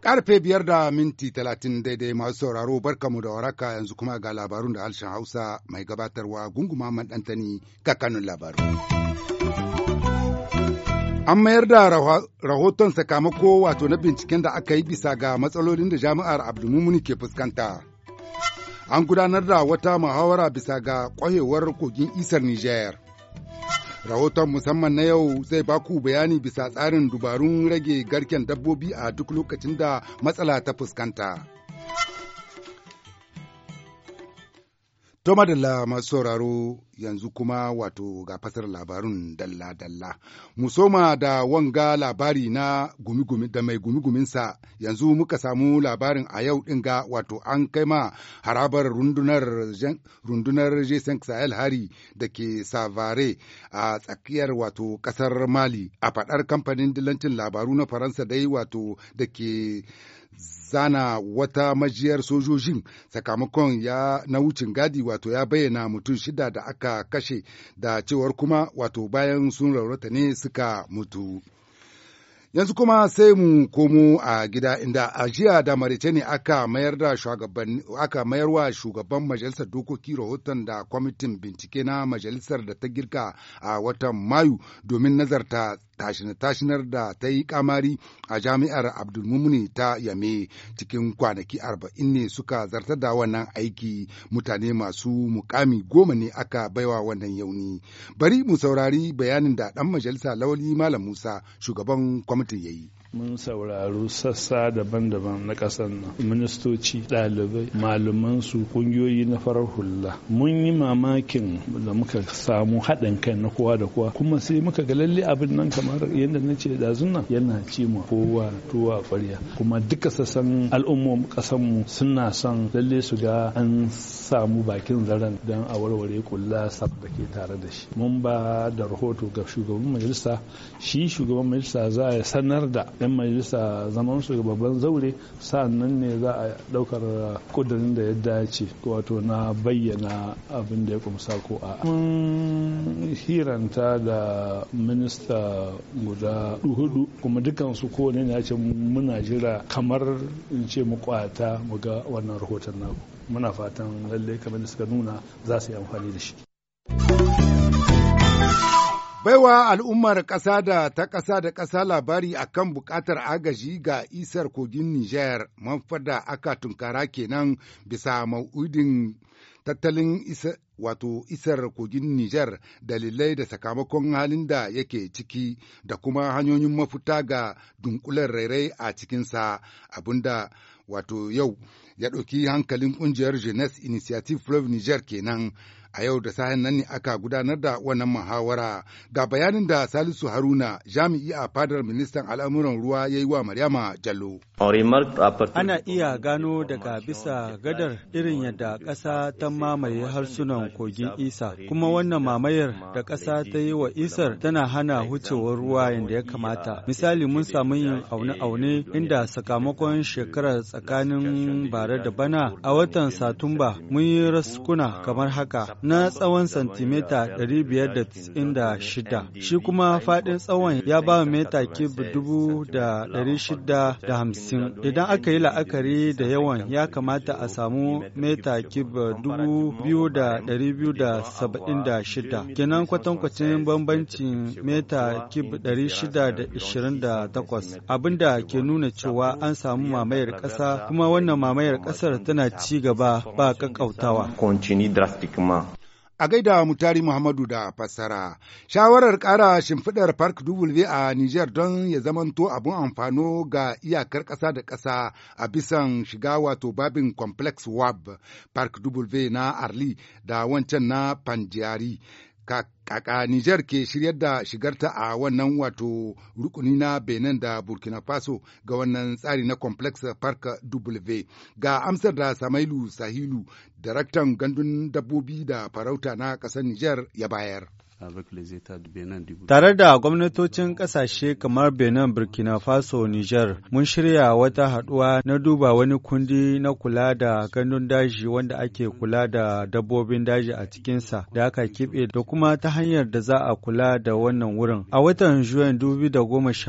Karfe biyar da minti talatin daidai masu sauraro barkamu da waraka yanzu kuma ga labarun da harshen Hausa mai gabatarwa gunguma maɗantani kanun labaru. An mayar da rahoton sakamako wato na binciken da aka yi bisa ga matsalolin da jami'ar Abdulmumuni ke fuskanta. an gudanar da wata muhawara bisa ga kwahewar kogin isar Nijayar Rahoton musamman na yau zai baku bayani bisa tsarin dubarun rage garken dabbobi a duk lokacin da matsala ta fuskanta. To madalla masu sauraro yanzu kuma wato ga fasar labarun dalla-dalla. Musoma da wanga labari na gumi-gumi da mai gumi-guminsa yanzu muka samu labarin a yau ɗin ga wato an kai ma harabar rundunar rundunar Jason Sahel Hari da ke Savare a tsakiyar wato ƙasar Mali a faɗar kamfanin dilancin labaru na Faransa dai wato da ke zana wata majiyar sojojin sakamakon ya na wucin gadi wato ya bayyana mutum shida da aka kashe da cewar kuma wato bayan sun raurata ne suka mutu. Yanzu kuma sai mu komo a gida inda a jiya da ne aka mayar wa shugaban shugaban majalisar dokoki rahoton da kwamitin bincike na majalisar da ta girka a watan Mayu domin nazarta tashinar da ta yi kamari a jami'ar abdulmumuni ta yame cikin kwanaki arba'in ne suka zarta da wannan aiki mutane masu mukami goma ne aka baiwa wannan yauni bari mu saurari bayanin da ɗan majalisa lawali malam musa shugaban kwamitin ya yi mun saurari sassa daban-daban na ƙasar nan ministoci ɗalibai malaman su ƙungiyoyi na farar hula mun yi mamakin da muka samu haɗin kai na kowa da kowa kuma sai muka ga lalle abin nan kamar yadda na ce da zunna yana ci ma kowa tuwa ƙwarya kuma duka sassan al'ummar ƙasar mu suna son lalle su ga an samu bakin zaren don a warware kula sab da ke tare da shi mun ba da rahoto ga shugaban majalisa shi shugaban majalisa za a sanar da 'yan majalisa zaman su babban zaure nan ne za a daukar kudurin da ya dace wato na bayyana abin da ya kumsa ko a mun hiranta da minista guda hudu kuma dukansu ko ne ya ce muna jira kamar in ce mu kwata mu ga wannan rahoton naku muna fatan lalle kamar da suka nuna za su yi amfani da shi. Baiwa al'ummar ƙasa da ta ƙasa da ƙasa labari a kan buƙatar agaji ga isar kogin Nijar manfada aka tunkara kenan bisa ma'udin tattalin isa, wato isar kogin Nijar dalilai da sakamakon halin da yake ciki da kuma hanyoyin mafuta ga dunkulen rairai a cikinsa abinda wato yau ya ɗauki hankalin ƙungiyar Jeunesse Initiative Fleuve Niger kenan a yau da sahen nan ne aka gudanar da wannan muhawara ga bayanin da salisu haruna jami'i a fadar ministan al'amuran ruwa ya yi wa maryama jallo ana iya gano daga bisa gadar irin yadda ƙasa ta mamaye harsunan kogin isa kuma wannan mamayar da ƙasa ta yi wa isar tana hana wucewar ruwa yadda ya kamata misali mun samu yin aune-aune inda sakamakon shekarar tsakanin bara da bana a watan satumba mun yi raskuna kamar haka na tsawon santimita 596 shi kuma faɗin tsawon ya ba wa mita kib 650 idan aka yi la'akari da yawan ya kamata a samu mita kib 2276 kenan kwatankwacin bambancin mita kib 628 abinda ke nuna cewa an samu mamayar ƙasa kuma wannan mamayar ƙasar tana ci gaba ba ƙaƙƙautawa. a gaida mutari Muhammadu da fassara. Shawarar ƙara shimfiɗar Park W a Nijar don ya zamanto abun amfano ga iyakar ƙasa da ƙasa a bisan shiga wato babin Complex WAB Park W na Arli da wancan na Panjari kaka Nijar ke shiryar da shigarta a wannan wato rukuni na Benin da Burkina Faso ga wannan tsari na Complex Park W ga amsar da Samailu Sahilu, daraktan gandun dabbobi da farauta na ƙasar Nijar ya bayar. Tare da gwamnatocin ƙasashe kamar Benin, Burkina Faso, Nijar, mun shirya wata haɗuwa na duba wani kundi na kula da gandun daji wanda ake kula da dabbobin daji a cikinsa da aka kiɓe da kuma ta hanyar da za a kula da wannan wurin. A watan Juyan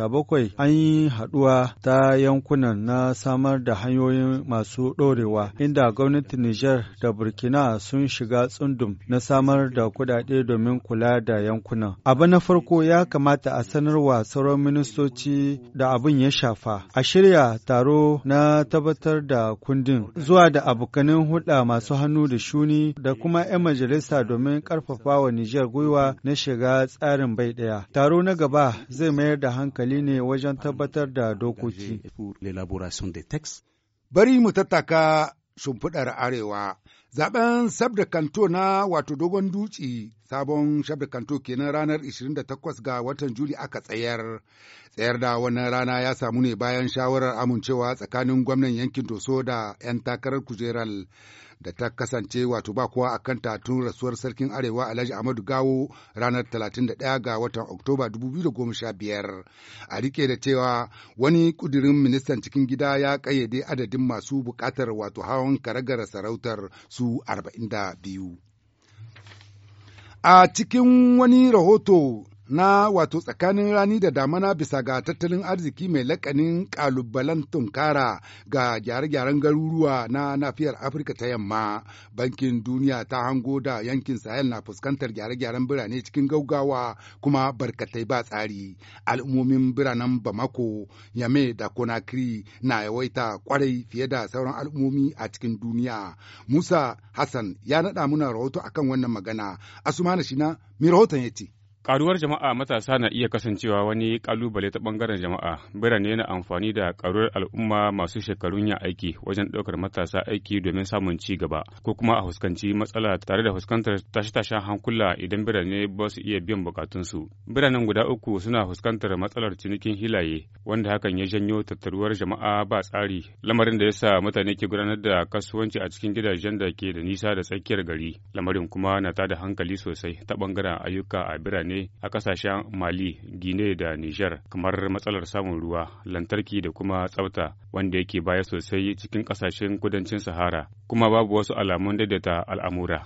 bakwai, an yi haɗuwa ta yankunan na samar da hanyoyin masu ɗorewa inda gwamnatin Nijar da Burkina sun shiga tsundum na samar da kuɗaɗe domin kula da yankunan. Abu na farko ya kamata a sanarwa sauran ministoci da abin ya shafa. A shirya taro na tabbatar da kundin zuwa da abokanin hulɗa masu hannu da shuni da kuma 'yan majalisa domin ƙarfafa wa Nijar gwiwa na shiga tsarin bai ɗaya. Taro na gaba zai mayar da hankali ne wajen tabbatar da dokoki. Bari mu tattaka shimfiɗar arewa, zaben sabda kanto na wato dogon dutse sabon shabikanto kenan ranar 28 ga watan Juli aka tsayar. Tsayar da wannan rana ya samu ne bayan shawarar amincewa tsakanin gwamnan yankin Doso da 'yan takarar kujeral da ta kasance wato ba kowa a kanta tun rasuwar sarkin arewa Alhaji Ahmadu Gawo ranar 31 ga watan Oktoba 2015. A rike da cewa wani kudirin ministan cikin gida ya kayyade adadin masu bukatar wato hawan karagara sarautar su 42. A cikin wani rahoto na wato tsakanin rani da damana bisa ga tattalin arziki mai lakanin kalubalen tunkara ga gyare-gyaren garuruwa na nafiyar afirka ta yamma bankin duniya ta hango da yankin sahel na fuskantar gyare-gyaren birane cikin gaugawa kuma barkatai ba tsari al'ummomin biranen bamako yame da conakry na yawaita kwarai fiye da sauran al'ummomi a cikin duniya musa hassan ya naɗa muna rahoto akan wannan magana asumana shina mai rahoton ya ce Karuwar jama'a matasa na iya kasancewa wani kalubale ta bangaren jama'a. Birane na amfani da karuwar al'umma masu shekarun yin aiki wajen ɗaukar matasa aiki domin samun ci gaba, ko kuma a fuskanci matsala tare da fuskantar tashe-tashen hankula idan birane ba su iya biyan bukatunsu. Biranen guda uku suna fuskantar matsalar cinikin hilaye, wanda hakan ya janyo tattaruwar jama'a ba tsari, lamarin da ya sa mutane ke gudanar da kasuwanci a cikin gidajen da ke da nisa da tsakiyar gari. Lamarin kuma na tada hankali sosai ta bangaren ayyuka a birane a ƙasashen Mali, Gine da Niger, kamar matsalar samun ruwa, lantarki da kuma tsafta wanda yake baya sosai cikin ƙasashen kudancin Sahara, kuma babu wasu alamun daidaita al'amura.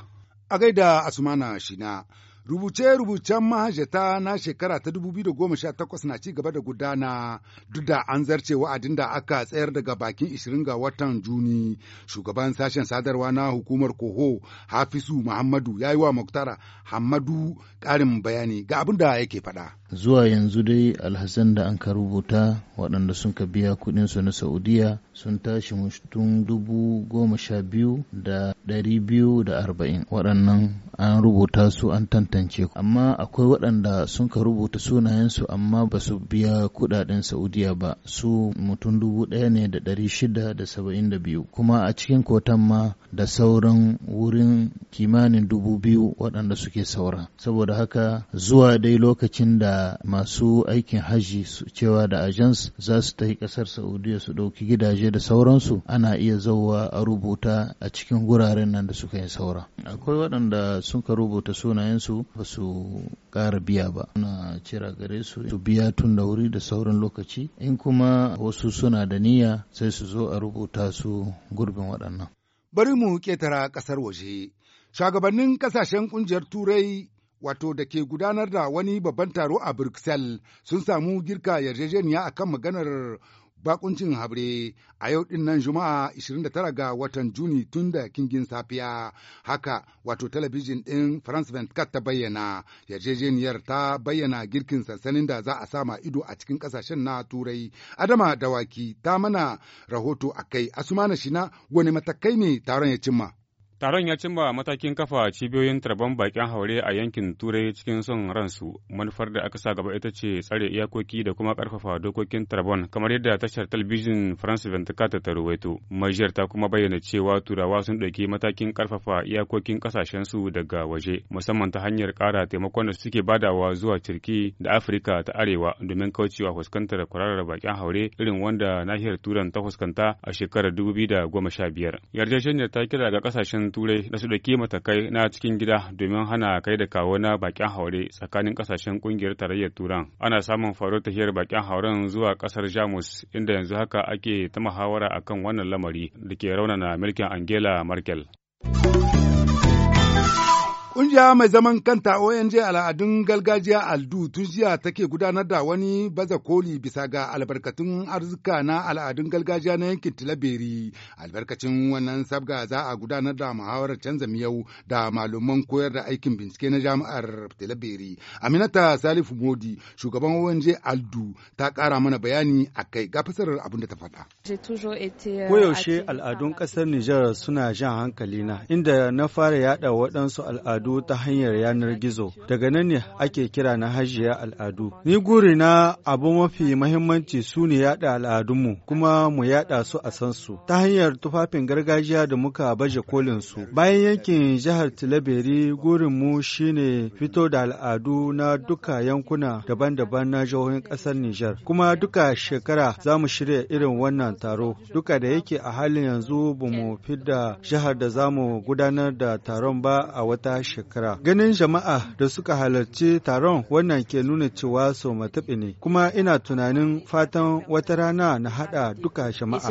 A gaida Asumana Shina. Rubuce-rubucen mahajata na shekara ta 2018 na ci gaba da gudana duk da an zarce wa'adin da aka tsayar daga bakin 20 ga watan Juni. Shugaban sashen sadarwa na hukumar Koho Hafisu Muhammadu ya yi wa Muktara Hamadu ƙarin bayani ga abin da yake faɗa. Zuwa yanzu dai alhassan da an ka rubuta waɗanda sun ka biya kuɗinsu na Saudiya sun tashi mutum dubu goma sha biyu da ɗari biyu da arba'in waɗannan an rubuta su an tantance tantance amma akwai waɗanda sun ka rubuta sunayensu amma ba su biya kuɗaɗen saudiya ba su mutum dubu ɗaya ne da ɗari shida da saba'in da biyu kuma a cikin kotan ma da sauran wurin kimanin dubu biyu waɗanda suke saura saboda haka zuwa dai lokacin da masu aikin hajji cewa da ajans za su tafi ƙasar saudiya su ɗauki gidaje da sauransu ana iya zauwa a rubuta a cikin guraren nan da suka yi saura akwai waɗanda sun ka rubuta sunayensu ba su ƙara biya ba na cira gare su su biya tun da wuri da sauran lokaci in kuma wasu suna da niyya sai su zo a rubuta su gurbin waɗannan bari mu ketara ƙasar waje shugabannin ƙasashen ƙungiyar turai wato da ke gudanar da wani babban taro a Brussels sun samu girka yarjejeniya akan maganar bakuncin habre a yau din nan juma'a 29 ga watan juni tun da kingin safiya haka wato talabijin din france 24 ta bayyana yarjejeniyar ta bayyana girkin sansanin da za a sama ido a cikin kasashen na turai adama dawaki ta mana rahoto a kai asumana shina wani matakai ne taron ya cimma Taron ya cimma matakin kafa cibiyoyin tarban bakin haure a yankin Turai cikin son ransu. Manufar da aka sa gaba ita ce tsare iyakoki da kuma karfafa dokokin tarbon kamar yadda tashar talabijin France 24 ta ruwaito. Majiyar ta kuma bayyana cewa Turawa sun ɗauki matakin karfafa iyakokin ƙasashensu daga waje, musamman ta hanyar ƙara taimakon da suke badawa zuwa cirki da Afirka ta Arewa domin kaucewa fuskantar kwararar bakin haure irin wanda nahiyar Turan ta fuskanta a shekarar dubu sha biyar Yarjejeniyar ta kira ga ƙasashen Turai da su ɗauki matakai na cikin gida domin hana kai da kawo na bakin haure tsakanin ƙasashen ƙungiyar tarayyar Turan. Ana samun faruwar tafiyar bakin hauren zuwa ƙasar Jamus inda yanzu haka ake ta muhawara akan wannan lamari da ke raunana mulkin Angela Merkel. Ƙungiya mai zaman kanta ONG al'adun gargajiya Aldu tun jiya take gudanar da wani baza koli bisa ga albarkatun arzika na al'adun gargajiya na yankin Tilaberi. Albarkacin wannan sabga za a gudanar da muhawarar canza miyau da malaman koyar da aikin bincike na jami'ar Tilaberi. Aminata Salifu Modi, shugaban ONG Aldu, ta ƙara mana bayani a kai ga fasarar abin da ta faɗa. Euh, Koyaushe al'adun ƙasar Nijar suna jan hankalina, inda na fara yaɗa waɗansu al'adu al'adu ta hanyar yanar gizo. Daga nan ne ake kira na hajiya al'adu. Ni guri na abu mafi mahimmanci su ne yada al'adunmu kuma mu yada su a san su ta hanyar tufafin gargajiya da muka baje kolin su. Bayan yankin jihar Tilaberi mu shine fito da al'adu na duka yankuna daban-daban na jihohin ƙasar Nijar. Kuma duka shekara za mu shirya irin wannan taro. Duka da yake a halin yanzu ba mu fidda jihar da za mu gudanar da taron ba a wata shekara. Ganin jama'a da suka halarci taron wannan ke nuna cewa so mataɓi ne, kuma ina tunanin fatan wata rana na haɗa duka jama'a.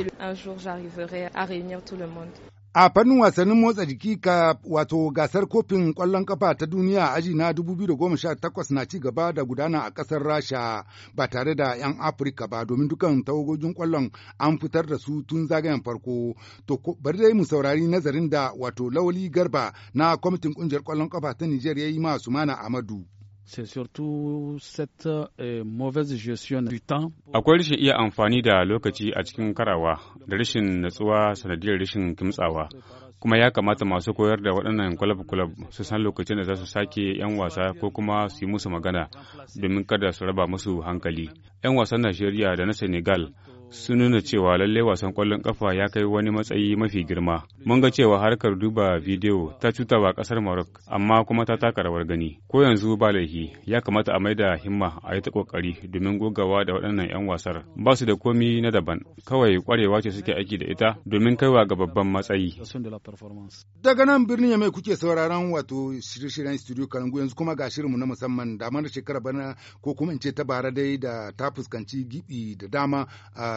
A fannin wasannin motsa jiki ka wato gasar kofin ƙwallon ƙafa ta duniya aji na 2018 na ci gaba da gudana a ƙasar Rasha ba tare da 'yan Afirka ba domin dukan tawagogin ƙwallon an fitar da su tun zagayen farko. To bari dai mu saurari nazarin da wato Lawali Garba na kwamitin ƙungiyar ƙwallon ƙafa ta Nijar ya yi masu Mana Amadu. c'est surtout cette eh, mauvaise gestion du temps. Akwai rashin iya amfani da lokaci a cikin karawa da rashin natsuwa sanadiyar rashin kimtsawa. Kuma ya kamata masu koyar da waɗannan kulab-kulab su san lokacin da za su sake 'yan wasa ko kuma su yi musu magana domin kada su raba musu hankali. 'Yan wasan Najeriya da na Senegal sun nuna cewa lallai wasan kwallon kafa ya kai wani matsayi mafi girma. Mun ga cewa harkar duba bidiyo ta cuta wa kasar Maroc amma kuma ta taka rawar gani. Ko yanzu ba laifi ya kamata a maida himma a yi ta kokari domin gogawa da waɗannan 'yan wasar. Ba su da komi na daban kawai kwarewa ce suke aiki da ita domin kaiwa ga babban matsayi. Daga nan birnin ya mai kuke sauraron wato shirye-shiryen studio Kalangu yanzu kuma ga shirinmu na musamman mana shekara bana ko kuma in ce ta bara dai da ta fuskanci gibi da dama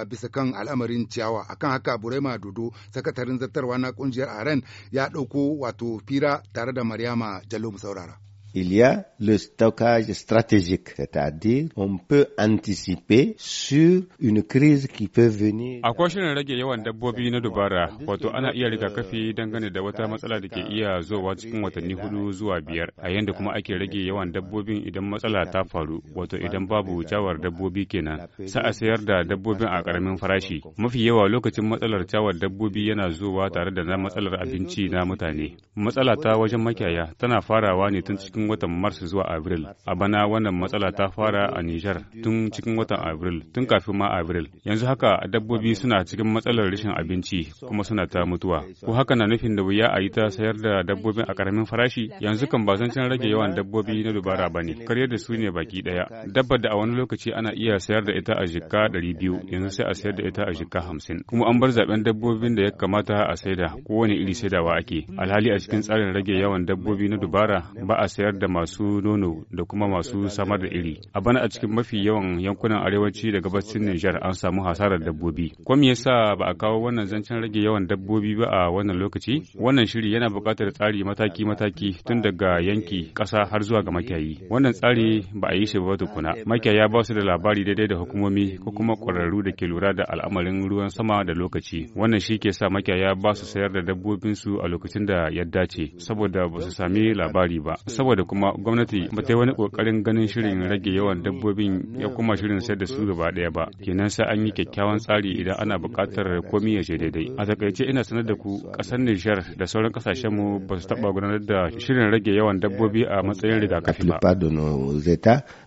bisa kan al'amarin ciyawa akan haka burema dodo sakatarin zartarwa na kungiyar aren ya ɗauko wato fira tare da maryama jallo mu saurara il y a le stockage stratégique, c'est-à-dire on peut anticiper sur une crise qui peut venir. Akwai shirin rage yawan dabbobi na dubara, wato ana iya kafi dangane da wata matsala da ke iya zowa cikin watanni hudu zuwa biyar, a yanda kuma ake rage yawan dabbobin idan matsala ta faru, wato idan babu cawar dabbobi kenan, sa a sayar da dabbobin a karamin farashi. Mafi yawa lokacin matsalar cawar dabbobi yana zowa tare da na matsalar abinci na mutane. Matsala ta wajen makiyaya tana farawa ne tun cikin cikin watan Mars zuwa Abril. A bana wannan matsala ta fara a Nijar tun cikin watan Abril, tun kafin ma Abril. Yanzu haka dabbobi suna cikin matsalar rashin abinci kuma suna ta mutuwa. Ko haka na nufin da wuya a yi ta sayar da dabbobi a karamin farashi? Yanzu kan ba zan zancen rage yawan dabbobi na dubara ba ne, karyar da su ne baki daya Dabbar da a wani lokaci ana iya sayar da ita a jikka ɗari biyu, yanzu sai a sayar da ita a jikka hamsin. Kuma an bar zaben dabbobin da ya kamata a saida, kowane iri saidawa ake. Alhali a cikin tsarin rage yawan dabbobi na dubara ba a sayar samar da masu nono da kuma masu samar da iri. A bana a cikin mafi yawan yankunan arewaci da gabacin Nijar an samu hasarar dabbobi. Ko me yasa ba a kawo wannan zancen rage yawan dabbobi ba a wannan lokaci? Wannan shiri yana buƙatar tsari mataki-mataki tun daga yanki, ƙasa har zuwa ga makiyayi. Wannan tsari ba a yi shi ba tukuna. Makiyaya ba su da labari daidai da hukumomi ko kuma ƙwararru da ke lura da al'amarin ruwan sama da lokaci. Wannan shi ke sa makiyaya ba su sayar da dabbobinsu a lokacin da ya dace saboda ba su sami labari ba. Saboda saboda kuma gwamnati ba ta yi wani kokarin ganin shirin rage yawan dabbobin ya kuma shirin sayar da su gaba daya ba kenan sai an yi kyakkyawan tsari idan ana buƙatar komi ya je daidai a takaice ina sanar da ku ƙasar Nijar da sauran ƙasashen mu ba su taɓa gudanar da shirin rage yawan dabbobi a matsayin rigakafi ba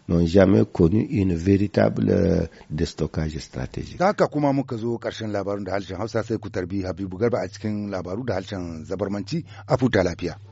n'ont jamais connu une véritable euh, déstockage stratégique. Haka kuma muka zo ƙarshen labarun da harshen Hausa sai ku tarbi Habibu Garba a cikin labaru da harshen zabarmanci a futa lafiya.